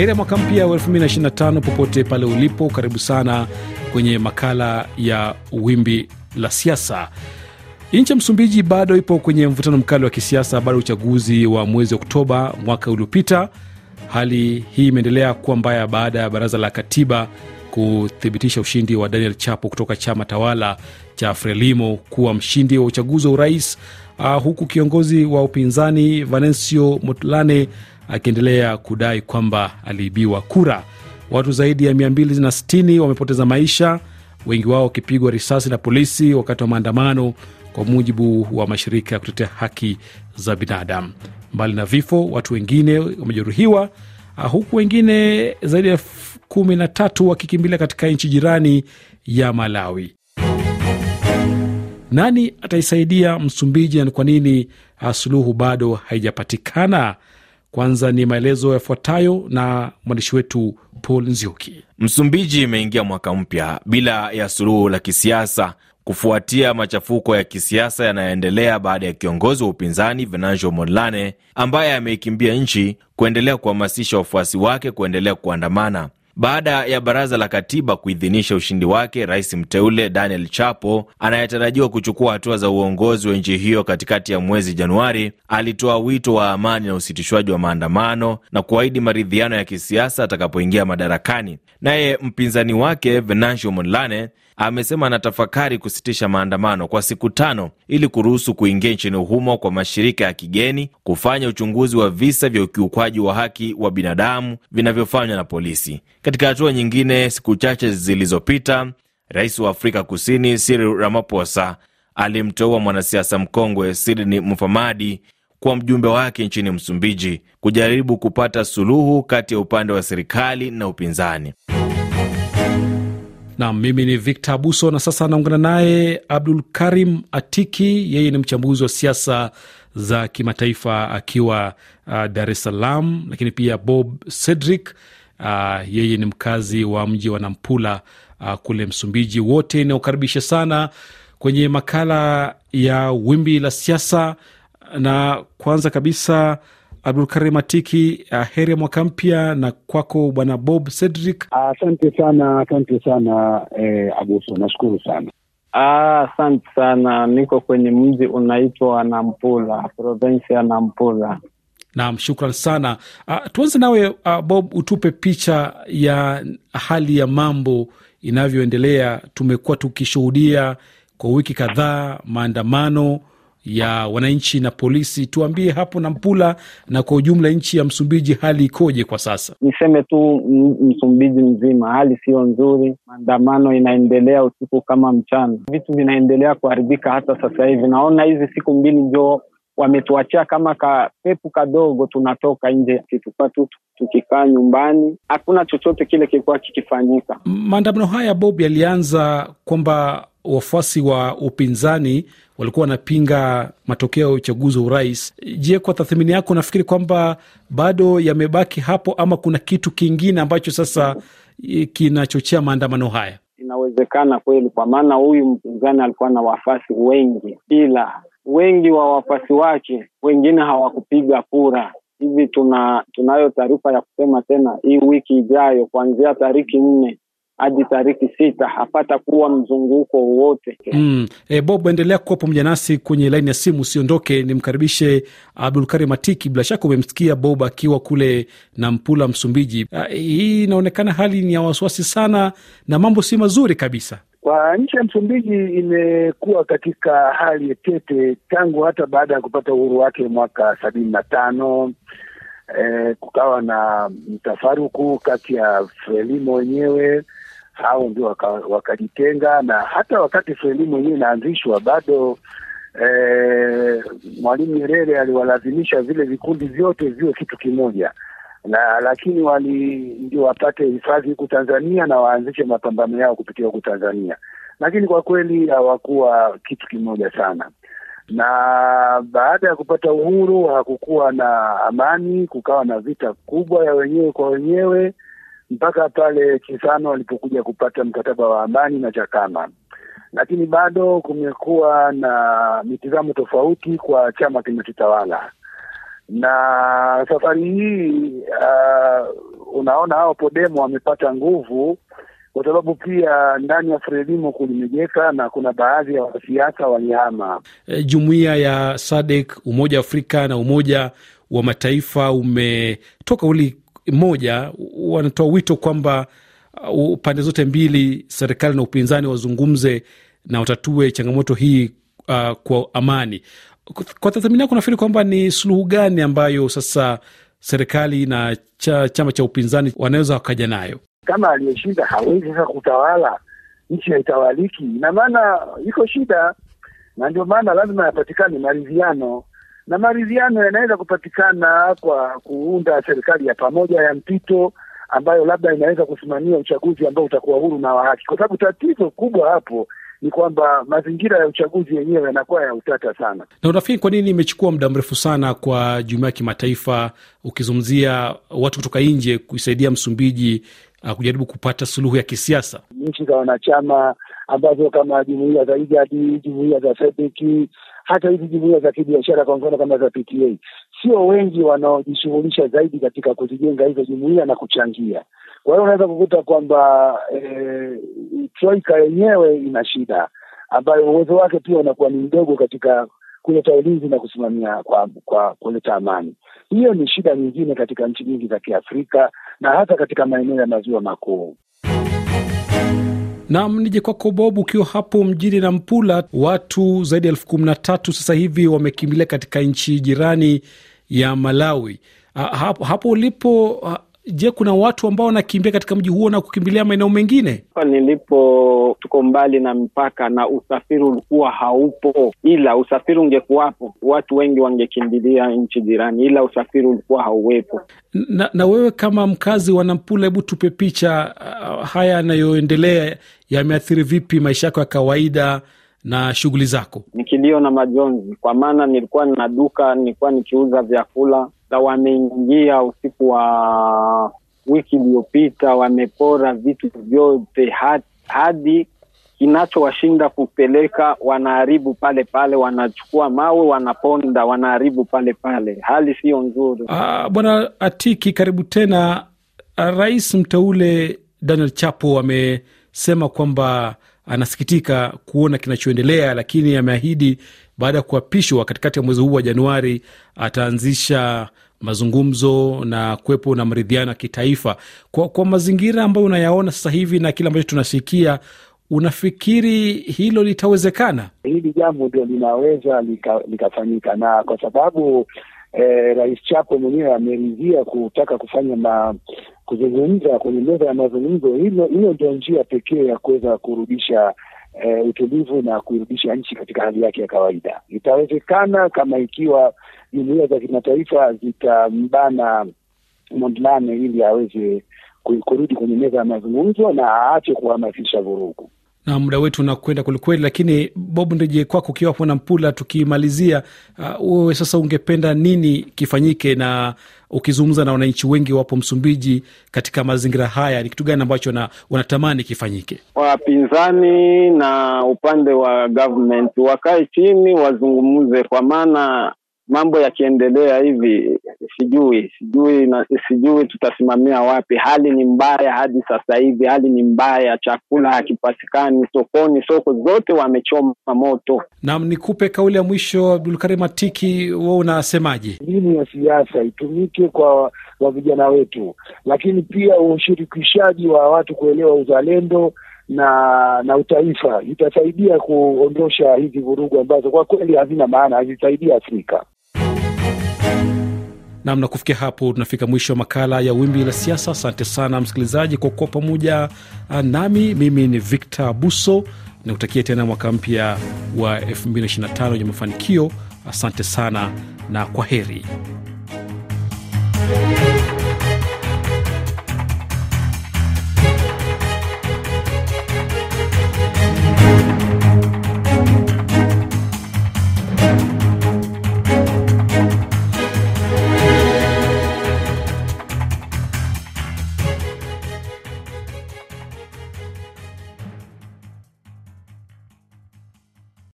heri ya mwaka mpya wa 2025 popote pale ulipo. Karibu sana kwenye makala ya wimbi la siasa. Nchi ya Msumbiji bado ipo kwenye mvutano mkali wa kisiasa baada ya uchaguzi wa mwezi Oktoba mwaka uliopita. Hali hii imeendelea kuwa mbaya baada ya baraza la katiba kuthibitisha ushindi wa Daniel Chapo kutoka chama tawala cha Frelimo kuwa mshindi wa uchaguzi wa urais uh, huku kiongozi wa upinzani Vanencio Motlane akiendelea kudai kwamba aliibiwa kura. Watu zaidi ya 260 wamepoteza maisha, wengi wao wakipigwa risasi na polisi wakati wa maandamano, kwa mujibu wa mashirika ya kutetea haki za binadamu. Mbali na vifo, watu wengine wamejeruhiwa, uh, huku wengine zaidi ya kumi na tatu wakikimbilia katika nchi jirani ya Malawi. Nani ataisaidia Msumbiji na kwa nini suluhu bado haijapatikana? Kwanza ni maelezo yafuatayo na mwandishi wetu Paul Nzioki. Msumbiji imeingia mwaka mpya bila ya suluhu la kisiasa kufuatia machafuko ya kisiasa yanayoendelea baada ya kiongozi wa upinzani Venancio Mondlane ambaye ameikimbia nchi kuendelea kuhamasisha wafuasi wake kuendelea kuandamana. Baada ya baraza la katiba kuidhinisha ushindi wake, rais mteule Daniel Chapo anayetarajiwa kuchukua hatua za uongozi wa nchi hiyo katikati ya mwezi Januari alitoa wito wa amani na usitishwaji wa maandamano na kuahidi maridhiano ya kisiasa atakapoingia madarakani. Naye mpinzani wake Venancio Mondlane amesema anatafakari kusitisha maandamano kwa siku tano ili kuruhusu kuingia nchini humo kwa mashirika ya kigeni kufanya uchunguzi wa visa vya ukiukwaji wa haki wa binadamu vinavyofanywa na polisi. Katika hatua nyingine, siku chache zilizopita, rais wa Afrika Kusini Cyril Ramaphosa alimteua mwanasiasa mkongwe Sydney Mufamadi kwa mjumbe wake nchini Msumbiji kujaribu kupata suluhu kati ya upande wa serikali na upinzani. Nam, mimi ni Victor Abuso, na sasa anaungana naye Abdul Karim Atiki. Yeye ni mchambuzi wa siasa za kimataifa akiwa uh, Dar es Salaam, lakini pia Bob Cedric uh, yeye ni mkazi wa mji wa Nampula uh, kule Msumbiji. Wote inaokaribisha sana kwenye makala ya wimbi la siasa, na kwanza kabisa Abdulkarim Atiki, uh, heri ya mwaka mpya na kwako bwana Bob Cedric. Asante sana, asante sana eh, Abuso, nashukuru sana. Ah, asante ah, sana. Niko kwenye mji unaitwa Nampula, provensi ya Nampula. Naam, shukran sana. uh, tuanze nawe uh, Bob, utupe picha ya hali ya mambo inavyoendelea. Tumekuwa tukishuhudia kwa wiki kadhaa maandamano ya wananchi na polisi. Tuambie hapo Nampula, na kwa ujumla nchi ya Msumbiji hali ikoje kwa sasa? Niseme tu Msumbiji mzima hali siyo nzuri, maandamano inaendelea usiku kama mchana, vitu vinaendelea kuharibika. Hata sasa hivi naona hizi siku mbili njo wametuachia kama kapepu kadogo, tunatoka nje ya tukikaa nyumbani, hakuna chochote kile kilikuwa kikifanyika. Maandamano haya Bob, yalianza kwamba wafuasi wa upinzani walikuwa wanapinga matokeo ya uchaguzi wa urais. Je, kwa tathmini yako unafikiri kwamba bado yamebaki hapo ama kuna kitu kingine ambacho sasa e, kinachochea maandamano haya? Inawezekana kweli, kwa maana huyu mpinzani alikuwa na wafuasi wengi, ila wengi wa wafuasi wake wengine hawakupiga kura. Hivi tuna tunayo taarifa ya kusema tena hii wiki ijayo, kuanzia tariki nne hadi tariki sita hapata kuwa mzunguko wowote. Mm. E, Bob, endelea kuwa pamoja nasi kwenye laini ya simu, usiondoke. Nimkaribishe Abdulkari Matiki. Bila shaka umemsikia Bob akiwa kule Nampula, Msumbiji. Hii inaonekana hali ni ya wasiwasi sana na mambo si mazuri kabisa. Kwa nchi ya Msumbiji imekuwa katika hali tete tangu hata baada ya kupata uhuru wake mwaka sabini na tano. E, kukawa na mtafaruku kati ya Frelimo wenyewe hao ndio wakajitenga, na hata wakati elimu yenyewe inaanzishwa bado eh, Mwalimu Nyerere aliwalazimisha vile vikundi vyote viwe kitu kimoja na lakini wali ndio wapate hifadhi huku Tanzania na waanzishe mapambano yao kupitia huku Tanzania, lakini kwa kweli hawakuwa kitu kimoja sana. Na baada ya kupata uhuru hakukuwa na amani, kukawa na vita kubwa ya wenyewe kwa wenyewe mpaka pale Chisano walipokuja kupata mkataba wa amani na Chakama, lakini bado kumekuwa na mitizamo tofauti kwa chama kinachotawala na safari hii uh, unaona hao Podemo wamepata nguvu kwa sababu pia ndani ya Frelimo kulimejeka na kuna baadhi ya wanasiasa walihama. E, jumuiya ya SADC, Umoja wa Afrika na Umoja wa Mataifa umetoka uli moja wanatoa wito kwamba uh, pande zote mbili, serikali na upinzani, wazungumze na watatue changamoto hii uh, kwa amani. Kwa tathmini yako, nafikiri kwamba ni suluhu gani ambayo sasa serikali na cha, chama cha upinzani wanaweza wakaja nayo? Kama aliyeshinda hawezi sasa kutawala nchi, haitawaliki, ina maana iko shida, na ndio maana lazima yapatikane maridhiano na maridhiano yanaweza kupatikana kwa kuunda serikali ya pamoja ya mpito ambayo labda inaweza kusimamia uchaguzi ambao utakuwa huru na wa haki, kwa sababu tatizo kubwa hapo ni kwamba mazingira ya uchaguzi yenyewe yanakuwa ya utata sana. Na unafikiri kwa nini imechukua muda mrefu sana kwa jumuia ya kimataifa, ukizungumzia watu kutoka nje, kuisaidia Msumbiji uh, kujaribu kupata suluhu ya kisiasa? Nchi za wanachama ambazo kama jumuia za IGADI, jumuia za SADC hata hizi jumuia za kibiashara, kwa mfano kama za PTA, sio wengi wanaojishughulisha zaidi katika kuzijenga hizo jumuia na kuchangia. Kwa hiyo unaweza kukuta kwamba e, troika yenyewe ina shida ambayo uwezo wake pia unakuwa ni mdogo katika kuleta ulinzi na kusimamia kwa kwa kuleta amani. Hiyo ni shida nyingine katika nchi nyingi za Kiafrika na hata katika maeneo ya maziwa makuu. Nam, nije kwako Bob, ukiwa hapo mjini Nampula, watu zaidi ya elfu kumi na tatu sasa hivi wamekimbilia katika nchi jirani ya Malawi. Ah, hapo, hapo ulipo ah, Je, kuna watu ambao wanakimbia katika mji huo na kukimbilia maeneo mengine? Nilipo tuko mbali na mpaka na usafiri ulikuwa haupo, ila usafiri ungekuwapo watu wengi wangekimbilia nchi jirani, ila usafiri ulikuwa hauwepo. Na, na wewe kama mkazi wa Nampula, hebu tupe picha uh, haya yanayoendelea yameathiri vipi maisha yako ya kawaida na shughuli zako? Ni kilio na majonzi, kwa maana nilikuwa na duka, nilikuwa nikiuza vyakula na wameingia usiku wa wiki iliyopita, wamepora vitu vyote hadi, hadi kinachowashinda kupeleka wanaharibu pale pale, wanachukua mawe wanaponda, wanaharibu pale pale. Hali siyo nzuri. Uh, Bwana Atiki, karibu tena. Ah, Rais mteule Daniel Chapo amesema kwamba anasikitika kuona kinachoendelea, lakini ameahidi baada ya kuapishwa katikati ya mwezi huu wa Januari ataanzisha mazungumzo na kuwepo na maridhiano ya kitaifa. Kwa, kwa mazingira ambayo unayaona sasa hivi na kile ambacho tunasikia, unafikiri hilo litawezekana? Hili jambo ndio linaweza likafanyika lika, na kwa sababu eh, Rais Chapo mwenyewe ameridhia kutaka kufanya ma, kuzungumza kwenye meza ya mazungumzo. Hilo ndio njia pekee ya kuweza kurudisha eh, utulivu na kuirudisha nchi katika hali yake ya kawaida. Itawezekana kama ikiwa jumuia za kimataifa zitambana Mondlane ili aweze kurudi kwenye meza ya mazungumzo na aache kuhamasisha vurugu na muda wetu unakwenda kwelikweli, lakini Bob, ndeje kwako ukiwa hapo Nampula, tukimalizia uh, wewe, sasa ungependa nini kifanyike, na ukizungumza na wananchi wengi wapo Msumbiji katika mazingira haya, ni kitu gani ambacho na unatamani kifanyike? Wapinzani na upande wa government wakae chini wazungumze, kwa maana mambo yakiendelea hivi, sijui sijui na, sijui tutasimamia wapi. Hali ni mbaya hadi sasa hivi, hali ni mbaya, chakula hakipatikani sokoni, soko zote wamechoma moto. nam nikupe kauli ya mwisho, Abdulkarim Atiki, wewe unasemaje? Elimu ya siasa itumike kwa wa vijana wetu, lakini pia ushirikishaji wa watu kuelewa uzalendo na na utaifa itasaidia kuondosha hizi vurugu ambazo kwa kweli hazina maana, hazisaidia Afrika namna kufikia hapo tunafika mwisho wa makala ya wimbi la siasa asante sana msikilizaji kwa kuwa pamoja ah, nami mimi ni victor buso nakutakia tena mwaka mpya wa 225 wenye mafanikio asante sana na kwa heri